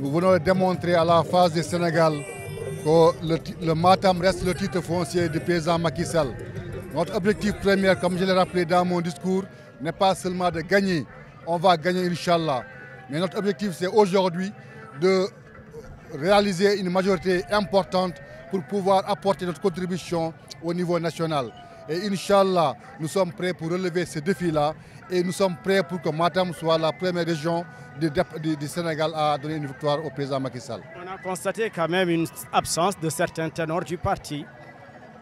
Nous venons de démontrer à la face du Sénégal que le, le Matam reste le titre foncier du paysan Macky Sall. Notre objectif premier, comme je l'ai rappelé dans mon discours, n'est pas seulement de gagner. On va gagner, Inch'Allah. Mais notre objectif, c'est aujourd'hui de réaliser une majorité importante pour pouvoir apporter notre contribution au niveau national. Et Inch'Allah, nous sommes prêts pour relever ce défi-là et nous sommes prêts pour que Matam soit la première région du, Sénégal à donner une victoire au président Macky Sall. On a constaté quand même une absence de certains ténors du parti.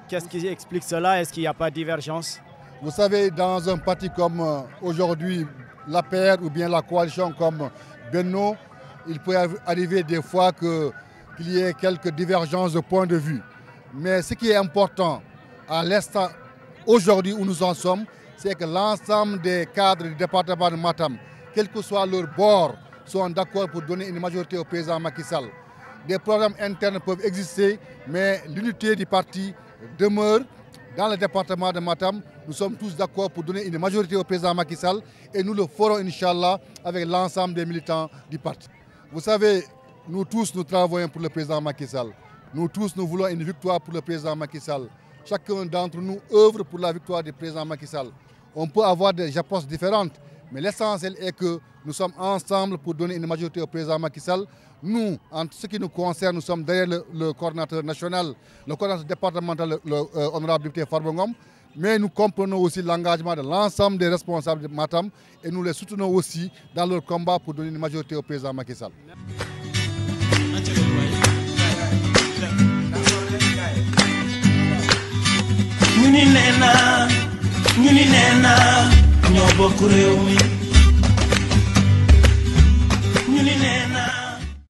Qu'est-ce qui explique cela Est-ce qu'il n'y a pas de divergence Vous savez, dans un parti comme euh, aujourd'hui la PR ou bien la coalition comme Benno, il peut arriver des fois qu'il y ait quelques divergences de point de vue. Mais ce qui est important à l'instant Aujourd'hui, où nous en sommes, c'est que l'ensemble des cadres du département de Matam, quel que soit leur bord, sont d'accord pour donner une majorité au président Macky Des programmes internes peuvent exister, mais l'unité du parti demeure dans le département de Matam. Nous sommes tous d'accord pour donner une majorité au président Macky et nous le ferons, Inch'Allah, avec l'ensemble des militants du parti. Vous savez, nous tous, nous travaillons pour le président Macky Nous tous, nous voulons une victoire pour le président Macky Chacun d'entre nous œuvre pour la victoire du président Macky Sall. On peut avoir des approches différentes, mais l'essentiel est que nous sommes ensemble pour donner une majorité au président Macky Sall. Nous, en ce qui nous concerne, nous sommes derrière le, coordonnateur coordinateur national, le coordinateur départemental, l'honorable euh, député Farbongom. Mais nous comprenons aussi l'engagement de l'ensemble des responsables de Matam et nous les soutenons aussi dans leur combat pour donner une majorité au président Macky Sall. ñu ni nee naa ñoo bokk réew mi